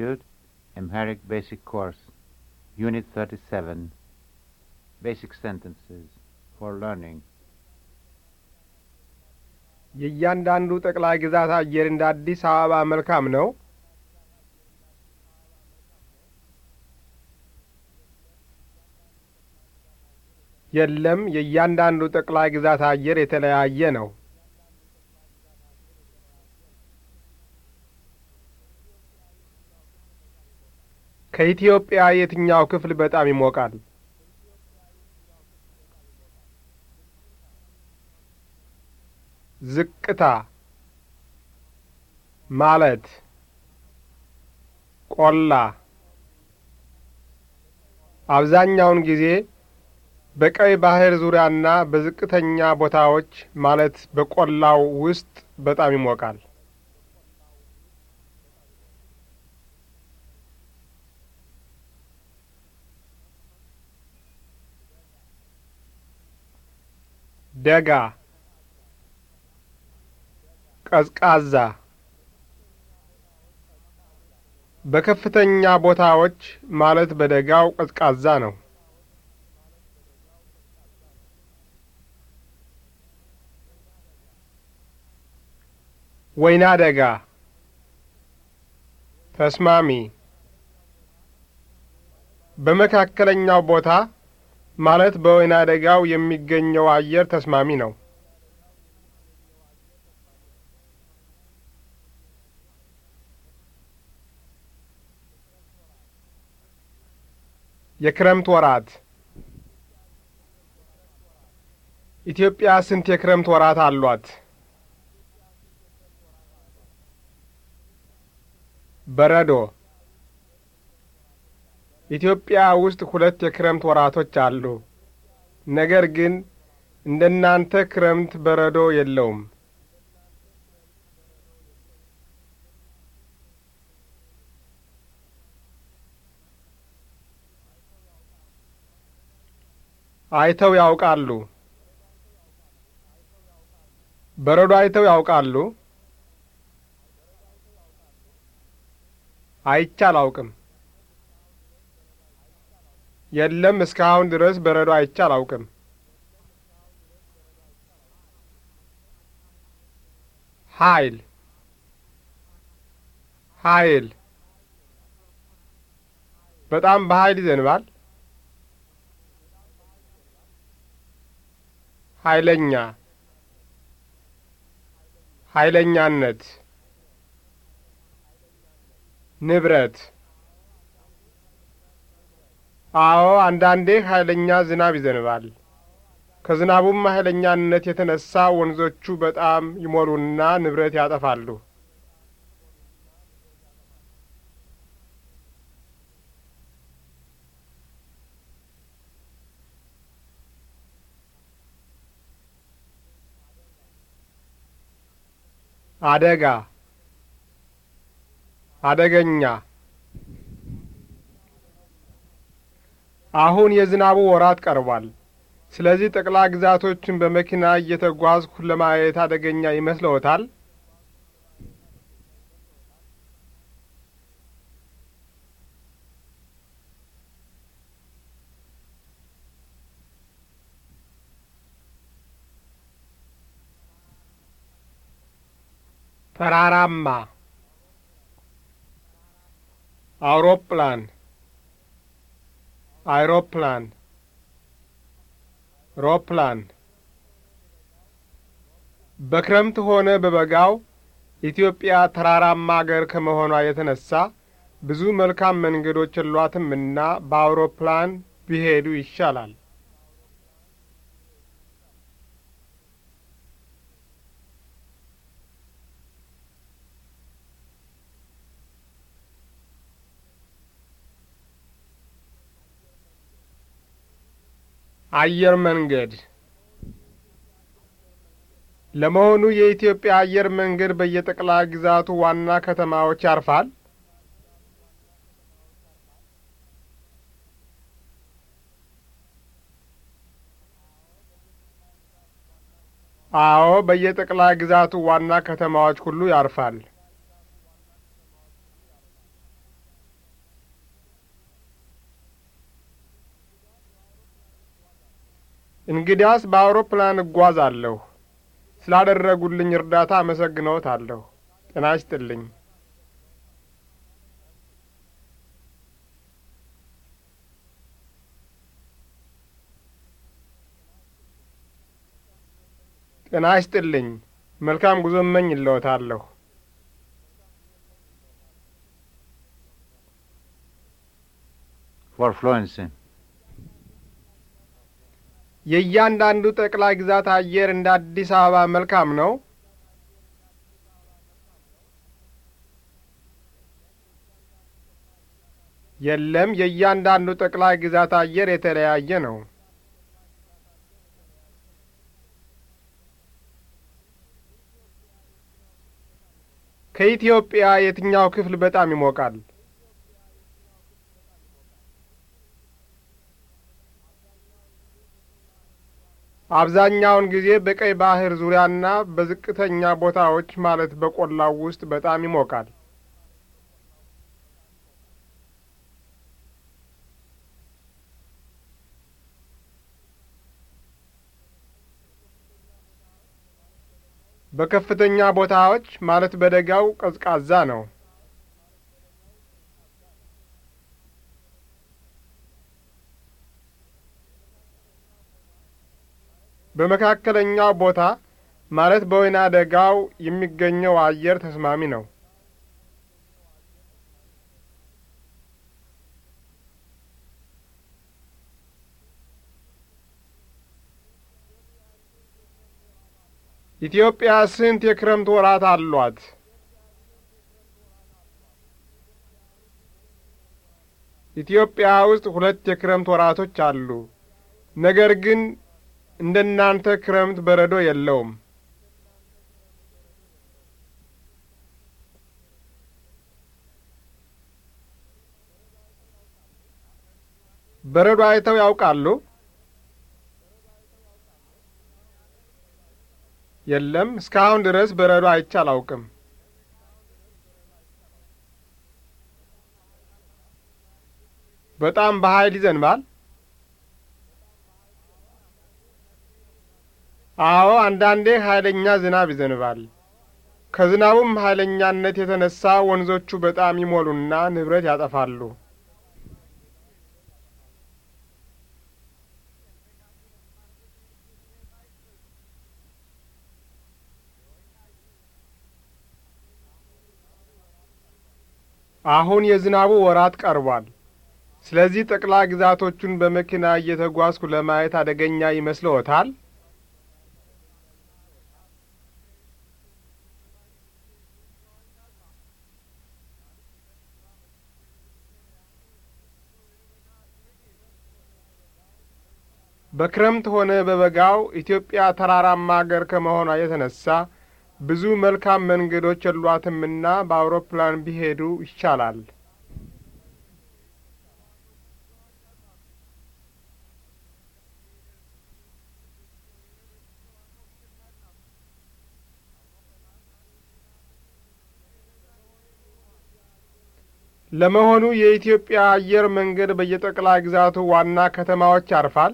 Institute, Amharic Basic Course, Unit 37, Basic Sentences for Learning. የእያንዳንዱ ጠቅላይ ግዛት አየር እንደ አዲስ አበባ መልካም ነው። የለም፣ የእያንዳንዱ ጠቅላይ ግዛት አየር የተለያየ ነው። ከኢትዮጵያ የትኛው ክፍል በጣም ይሞቃል? ዝቅታ ማለት ቆላ። አብዛኛውን ጊዜ በቀይ ባህር ዙሪያና በዝቅተኛ ቦታዎች ማለት በቆላው ውስጥ በጣም ይሞቃል። ደጋ ቀዝቃዛ በከፍተኛ ቦታዎች ማለት በደጋው ቀዝቃዛ ነው። ወይና ደጋ ተስማሚ በመካከለኛው ቦታ ማለት በወይና ደጋው የሚገኘው አየር ተስማሚ ነው። የክረምት ወራት ኢትዮጵያ ስንት የክረምት ወራት አሏት? በረዶ ኢትዮጵያ ውስጥ ሁለት የክረምት ወራቶች አሉ። ነገር ግን እንደ እናንተ ክረምት በረዶ የለውም። አይተው ያውቃሉ? በረዶ አይተው ያውቃሉ? አይቻል አላውቅም። የለም እስካሁን ድረስ በረዶ አይቼ አላውቅም። ኃይል ኃይል በጣም በኃይል ይዘንባል። ኃይለኛ ኃይለኛነት ንብረት አዎ፣ አንዳንዴ ኃይለኛ ዝናብ ይዘንባል። ከዝናቡም ኃይለኛነት የተነሳ ወንዞቹ በጣም ይሞሉና ንብረት ያጠፋሉ። አደጋ አደገኛ አሁን የዝናቡ ወራት ቀርቧል። ስለዚህ ጠቅላ ግዛቶችን በመኪና እየተጓዝኩ ለማየት አደገኛ ይመስለዎታል? ተራራማ አውሮፕላን አይሮፕላን ሮፕላን በክረምት ሆነ በበጋው ኢትዮጵያ ተራራማ አገር ከመሆኗ የተነሳ ብዙ መልካም መንገዶች የሏትምና በአውሮፕላን ቢሄዱ ይሻላል። አየር መንገድ ለመሆኑ የኢትዮጵያ አየር መንገድ በየጠቅላይ ግዛቱ ዋና ከተማዎች ያርፋል? አዎ፣ በየጠቅላይ ግዛቱ ዋና ከተማዎች ሁሉ ያርፋል። እንግዲያስ በአውሮፕላን እጓዛለሁ። ስላደረጉልኝ እርዳታ አመሰግነዎታለሁ። ጤና ይስጥልኝ። ጤና ይስጥልኝ። መልካም ጉዞ እመኝ እለዎታለሁ። ፎር ፍሎንስን የእያንዳንዱ ጠቅላይ ግዛት አየር እንደ አዲስ አበባ መልካም ነው? የለም፣ የእያንዳንዱ ጠቅላይ ግዛት አየር የተለያየ ነው። ከኢትዮጵያ የትኛው ክፍል በጣም ይሞቃል? አብዛኛውን ጊዜ በቀይ ባህር ዙሪያና በዝቅተኛ ቦታዎች ማለት በቆላው ውስጥ በጣም ይሞቃል። በከፍተኛ ቦታዎች ማለት በደጋው ቀዝቃዛ ነው። በመካከለኛው ቦታ ማለት በወይና ደጋው የሚገኘው አየር ተስማሚ ነው። ኢትዮጵያ ስንት የክረምት ወራት አሏት? ኢትዮጵያ ውስጥ ሁለት የክረምት ወራቶች አሉ። ነገር ግን እንደ እናንተ ክረምት በረዶ የለውም። በረዶ አይተው ያውቃሉ? የለም፣ እስካሁን ድረስ በረዶ አይቼ አላውቅም። በጣም በኃይል ይዘንባል። አዎ፣ አንዳንዴ ኃይለኛ ዝናብ ይዘንባል። ከዝናቡም ኃይለኛነት የተነሳ ወንዞቹ በጣም ይሞሉና ንብረት ያጠፋሉ። አሁን የዝናቡ ወራት ቀርቧል። ስለዚህ ጠቅላይ ግዛቶቹን በመኪና እየተጓዝኩ ለማየት አደገኛ ይመስልዎታል? በክረምት ሆነ በበጋው ኢትዮጵያ ተራራማ አገር ከመሆኗ የተነሳ ብዙ መልካም መንገዶች የሏትምና በአውሮፕላን ቢሄዱ ይቻላል። ለመሆኑ የኢትዮጵያ አየር መንገድ በየጠቅላይ ግዛቱ ዋና ከተማዎች ያርፋል?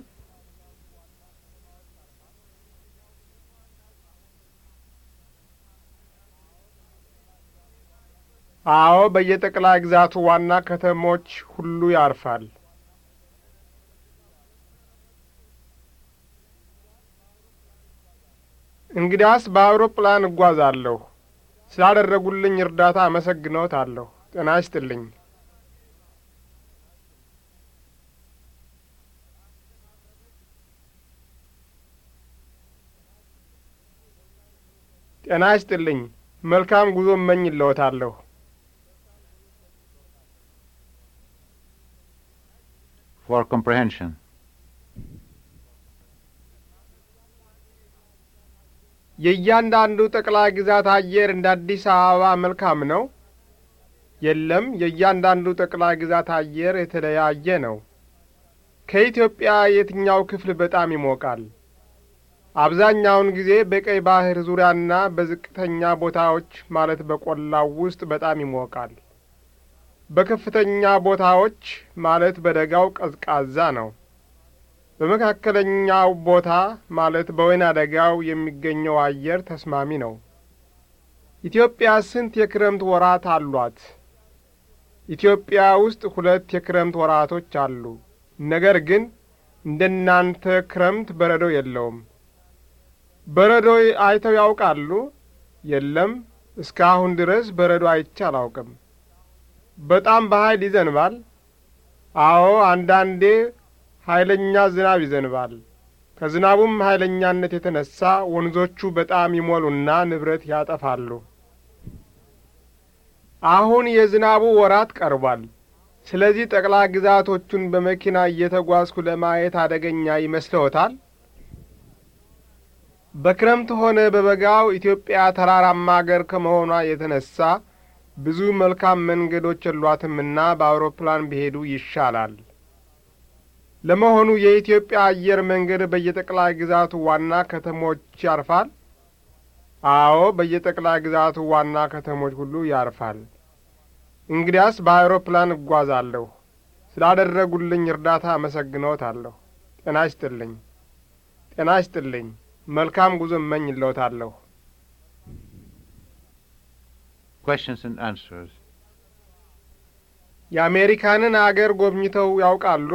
አዎ በየጠቅላይ ግዛቱ ዋና ከተሞች ሁሉ ያርፋል። እንግዲያስ በአውሮፕላን እጓዛለሁ። ስላደረጉልኝ እርዳታ አመሰግኖታለሁ። ጤና ይስጥልኝ። ጤና ይስጥልኝ። መልካም ጉዞ እመኝልዎታለሁ። for comprehension. የእያንዳንዱ ጠቅላይ ግዛት አየር እንደ አዲስ አበባ መልካም ነው? የለም፣ የእያንዳንዱ ጠቅላይ ግዛት አየር የተለያየ ነው። ከኢትዮጵያ የትኛው ክፍል በጣም ይሞቃል? አብዛኛውን ጊዜ በቀይ ባህር ዙሪያና በዝቅተኛ ቦታዎች ማለት በቆላው ውስጥ በጣም ይሞቃል። በከፍተኛ ቦታዎች ማለት በደጋው ቀዝቃዛ ነው። በመካከለኛው ቦታ ማለት በወይና ደጋው የሚገኘው አየር ተስማሚ ነው። ኢትዮጵያ ስንት የክረምት ወራት አሏት? ኢትዮጵያ ውስጥ ሁለት የክረምት ወራቶች አሉ። ነገር ግን እንደናንተ ክረምት በረዶ የለውም። በረዶ አይተው ያውቃሉ? የለም፣ እስካሁን ድረስ በረዶ አይቼ አላውቅም። በጣም በኃይል ይዘንባል። አዎ፣ አንዳንዴ ኃይለኛ ዝናብ ይዘንባል። ከዝናቡም ኃይለኛነት የተነሳ ወንዞቹ በጣም ይሞሉና ንብረት ያጠፋሉ። አሁን የዝናቡ ወራት ቀርቧል። ስለዚህ ጠቅላ ግዛቶቹን በመኪና እየተጓዝኩ ለማየት አደገኛ ይመስልዎታል? በክረምት ሆነ በበጋው ኢትዮጵያ ተራራማ አገር ከመሆኗ የተነሳ ብዙ መልካም መንገዶች የሏትምና በአውሮፕላን ቢሄዱ ይሻላል። ለመሆኑ የኢትዮጵያ አየር መንገድ በየጠቅላይ ግዛቱ ዋና ከተሞች ያርፋል? አዎ፣ በየጠቅላይ ግዛቱ ዋና ከተሞች ሁሉ ያርፋል። እንግዲያስ በአውሮፕላን እጓዛለሁ። ስላደረጉልኝ እርዳታ አመሰግኖታለሁ። ጤና ይስጥልኝ። ጤና ይስጥልኝ። መልካም ጉዞ እመኝልዎታለሁ። የአሜሪካንን አገር ጎብኝተው ያውቃሉ?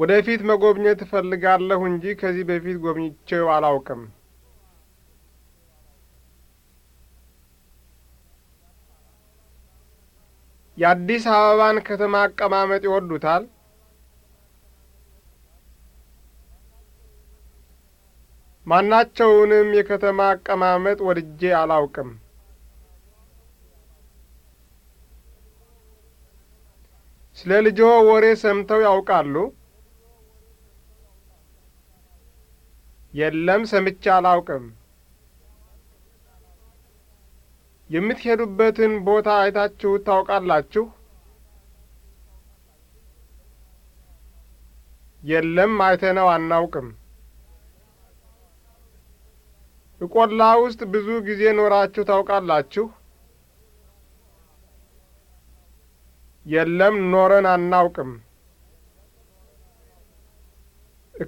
ወደፊት መጐብኘት እፈልጋለሁ እንጂ ከዚህ በፊት ጎብኝቼው አላውቅም። የአዲስ አበባን ከተማ አቀማመጥ ይወዱታል? ማናቸውንም የከተማ አቀማመጥ ወድጄ አላውቅም። ስለ ልጆ ወሬ ሰምተው ያውቃሉ? የለም፣ ሰምቼ አላውቅም። የምትሄዱበትን ቦታ አይታችሁ ታውቃላችሁ? የለም፣ አይተነው አናውቅም። ቆላ ውስጥ ብዙ ጊዜ ኖራችሁ ታውቃላችሁ? የለም ኖረን አናውቅም።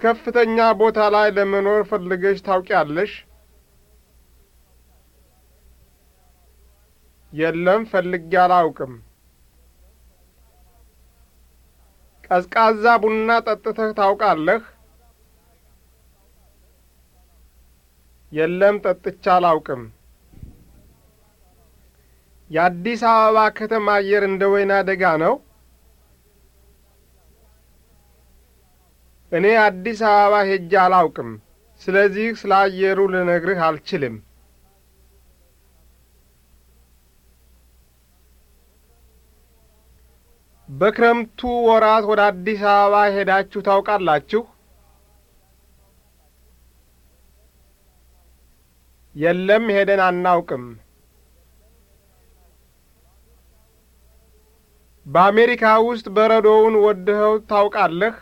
ከፍተኛ ቦታ ላይ ለመኖር ፈልገሽ ታውቂያለሽ? የለም ፈልጌ አላውቅም። ቀዝቃዛ ቡና ጠጥተህ ታውቃለህ? የለም ጠጥቻ አላውቅም። የአዲስ አበባ ከተማ አየር እንደ ወይና ደጋ ነው። እኔ አዲስ አበባ ሄጄ አላውቅም። ስለዚህ ስለ አየሩ ልነግርህ አልችልም። በክረምቱ ወራት ወደ አዲስ አበባ ሄዳችሁ ታውቃላችሁ? የለም ሄደን አናውቅም። በአሜሪካ ውስጥ በረዶውን ወድኸው ታውቃለህ?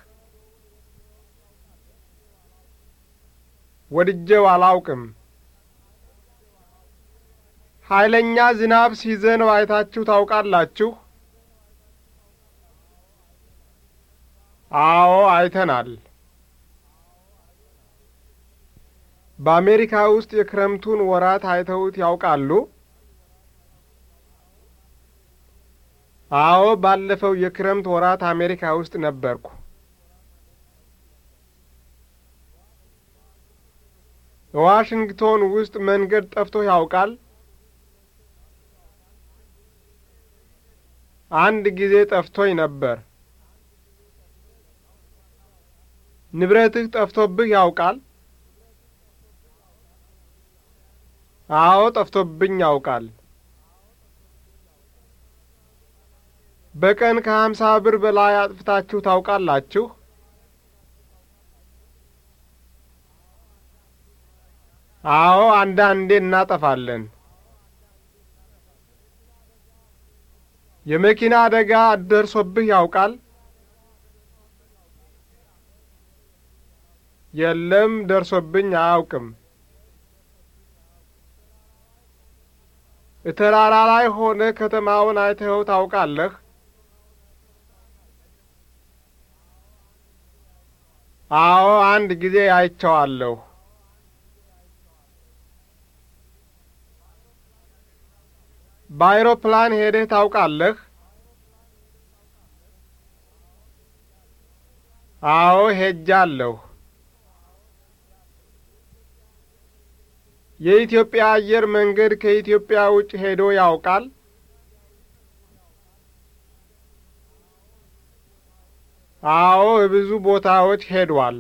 ወድጀው አላውቅም። ኃይለኛ ዝናብ ሲዘንብ አይታችሁ ታውቃላችሁ? አዎ አይተናል። በአሜሪካ ውስጥ የክረምቱን ወራት አይተውት ያውቃሉ? አዎ፣ ባለፈው የክረምት ወራት አሜሪካ ውስጥ ነበርኩ። ዋሽንግቶን ውስጥ መንገድ ጠፍቶ ያውቃል? አንድ ጊዜ ጠፍቶኝ ነበር። ንብረትህ ጠፍቶብህ ያውቃል? አዎ ጠፍቶብኝ ያውቃል። በቀን ከሀምሳ ብር በላይ አጥፍታችሁ ታውቃላችሁ? አዎ አንዳንዴ እናጠፋለን። የመኪና አደጋ ደርሶብህ ያውቃል? የለም ደርሶብኝ አያውቅም። እተራራ ላይ ሆነ ከተማውን አይተኸው ታውቃለህ? አዎ፣ አንድ ጊዜ አይቼዋለሁ። በአይሮፕላን ሄደህ ታውቃለህ? አዎ፣ ሄጃለሁ። የኢትዮጵያ አየር መንገድ ከኢትዮጵያ ውጭ ሄዶ ያውቃል? አዎ፣ ብዙ ቦታዎች ሄዷል።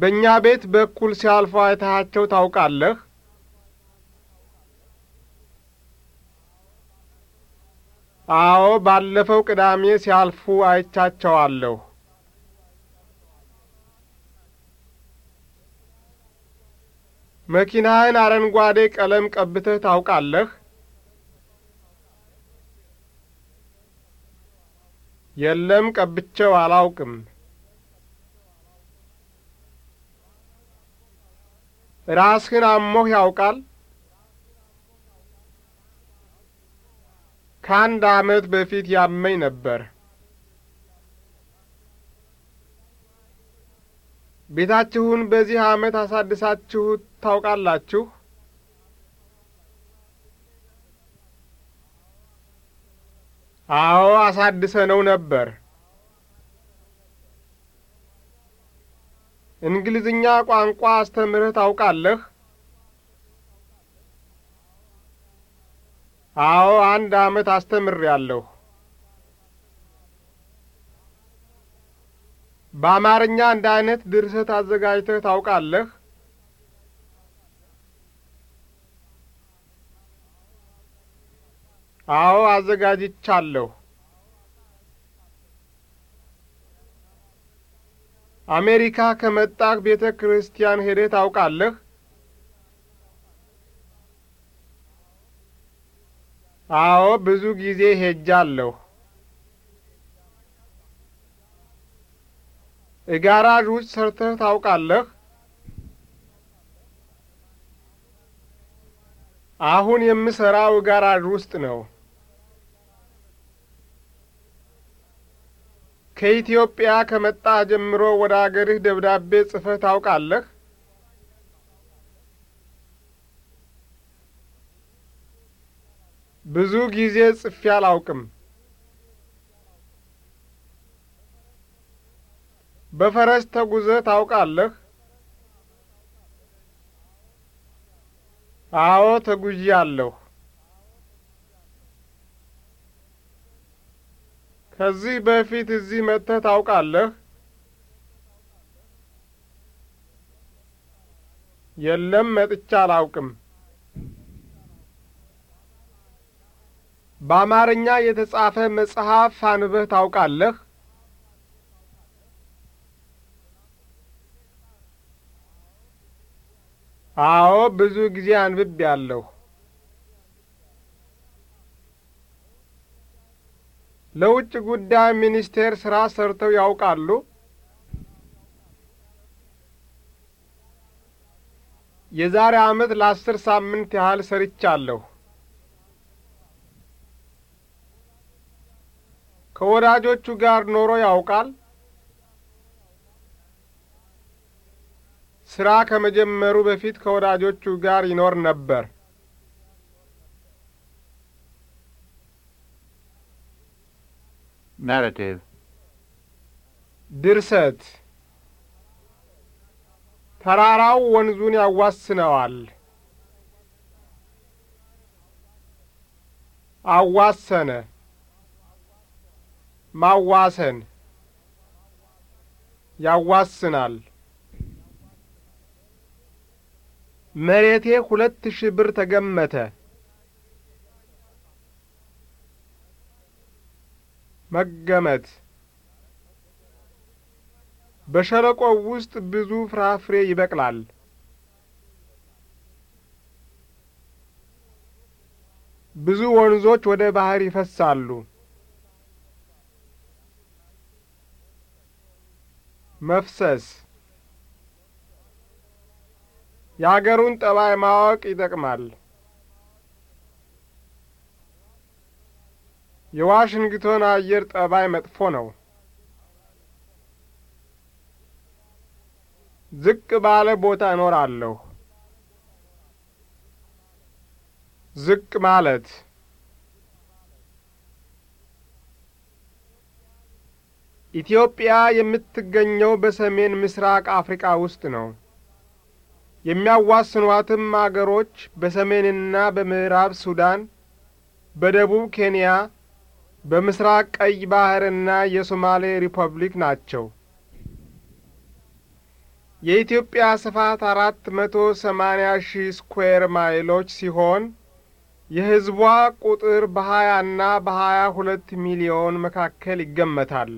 በእኛ ቤት በኩል ሲያልፉ አይተሃቸው ታውቃለህ? አዎ፣ ባለፈው ቅዳሜ ሲያልፉ አይቻቸዋለሁ። መኪናህን አረንጓዴ ቀለም ቀብተህ ታውቃለህ? የለም ቀብቸው አላውቅም። ራስህን አሞህ ያውቃል? ከአንድ ዓመት በፊት ያመኝ ነበር። ቤታችሁን በዚህ ዓመት አሳድሳችሁ ታውቃላችሁ? አዎ አሳድሰነው ነበር። እንግሊዝኛ ቋንቋ አስተምረህ ታውቃለህ? አዎ አንድ ዓመት አስተምሬያለሁ። በአማርኛ እንደ አይነት ድርሰት አዘጋጅተህ ታውቃለህ? አዎ አዘጋጅቻለሁ። አሜሪካ ከመጣህ ቤተ ክርስቲያን ሄደህ ታውቃለህ? አዎ ብዙ ጊዜ ሄጃለሁ። ጋራዥ ውስጥ ሰርተህ ታውቃለህ? አሁን የምሰራው ጋራዥ ውስጥ ነው። ከኢትዮጵያ ከመጣ ጀምሮ ወደ አገርህ ደብዳቤ ጽፈህ ታውቃለህ? ብዙ ጊዜ ጽፌ አላውቅም። በፈረስ ተጉዘህ ታውቃለህ? አዎ ተጉዤ አለሁ። ከዚህ በፊት እዚህ መጥተህ ታውቃለህ? የለም፣ መጥቻ አላውቅም። በአማርኛ የተጻፈ መጽሐፍ አንበህ ታውቃለህ? አዎ ብዙ ጊዜ አንብቤያለሁ። ለውጭ ጉዳይ ሚኒስቴር ሥራ ሰርተው ያውቃሉ? የዛሬ ዓመት ለአስር ሳምንት ያህል ሰርቻለሁ። ከወዳጆቹ ጋር ኖሮ ያውቃል? ስራ ከመጀመሩ በፊት ከወዳጆቹ ጋር ይኖር ነበር። ናራቲቭ ድርሰት ተራራው ወንዙን ያዋስነዋል። አዋሰነ፣ ማዋሰን፣ ያዋስናል። መሬቴ ሁለት ሺህ ብር ተገመተ። መገመት በሸለቆው ውስጥ ብዙ ፍራፍሬ ይበቅላል። ብዙ ወንዞች ወደ ባህር ይፈሳሉ። መፍሰስ የአገሩን ጠባይ ማወቅ ይጠቅማል። የዋሽንግቶን አየር ጠባይ መጥፎ ነው። ዝቅ ባለ ቦታ እኖራለሁ። ዝቅ ማለት ኢትዮጵያ የምትገኘው በሰሜን ምስራቅ አፍሪካ ውስጥ ነው። የሚያዋስኗትም አገሮች በሰሜንና በምዕራብ ሱዳን፣ በደቡብ ኬንያ፣ በምስራቅ ቀይ ባህርና የሶማሌ ሪፐብሊክ ናቸው። የኢትዮጵያ ስፋት አራት መቶ ሰማንያ ሺህ ስኩዌር ማይሎች ሲሆን የሕዝቧ ቁጥር በሀያና በሀያ ሁለት ሚሊዮን መካከል ይገመታል።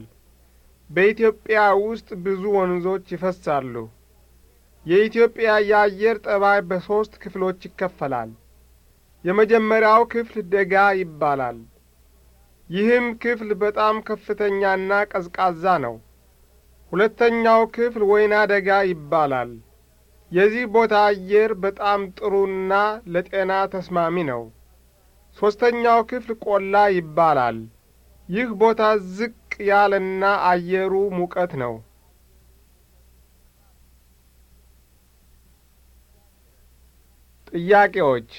በኢትዮጵያ ውስጥ ብዙ ወንዞች ይፈሳሉ። የኢትዮጵያ የአየር ጠባይ በሦስት ክፍሎች ይከፈላል። የመጀመሪያው ክፍል ደጋ ይባላል። ይህም ክፍል በጣም ከፍተኛና ቀዝቃዛ ነው። ሁለተኛው ክፍል ወይና ደጋ ይባላል። የዚህ ቦታ አየር በጣም ጥሩና ለጤና ተስማሚ ነው። ሦስተኛው ክፍል ቆላ ይባላል። ይህ ቦታ ዝቅ ያለና አየሩ ሙቀት ነው። ጥያቄዎች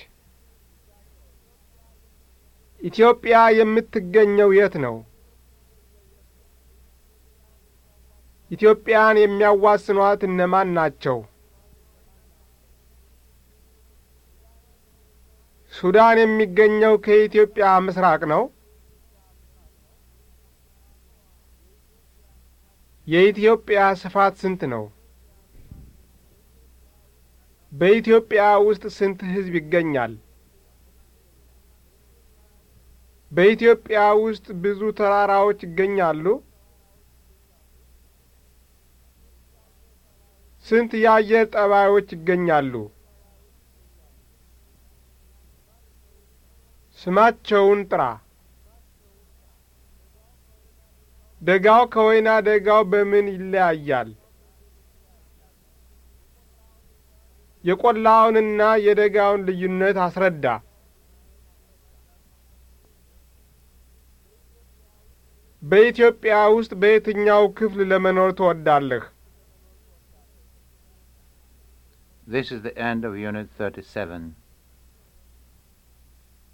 ኢትዮጵያ የምትገኘው የት ነው? ኢትዮጵያን የሚያዋስኗት እነማን ናቸው? ሱዳን የሚገኘው ከኢትዮጵያ ምስራቅ ነው? የኢትዮጵያ ስፋት ስንት ነው? በኢትዮጵያ ውስጥ ስንት ህዝብ ይገኛል? በኢትዮጵያ ውስጥ ብዙ ተራራዎች ይገኛሉ? ስንት የአየር ጠባዮች ይገኛሉ? ስማቸውን ጥራ። ደጋው ከወይና ደጋው በምን ይለያያል? የቈላውንና የደጋውን ልዩነት አስረዳ። በኢትዮጵያ ውስጥ በየትኛው ክፍል ለመኖር ትወዳለህ? This is the end of Unit 37.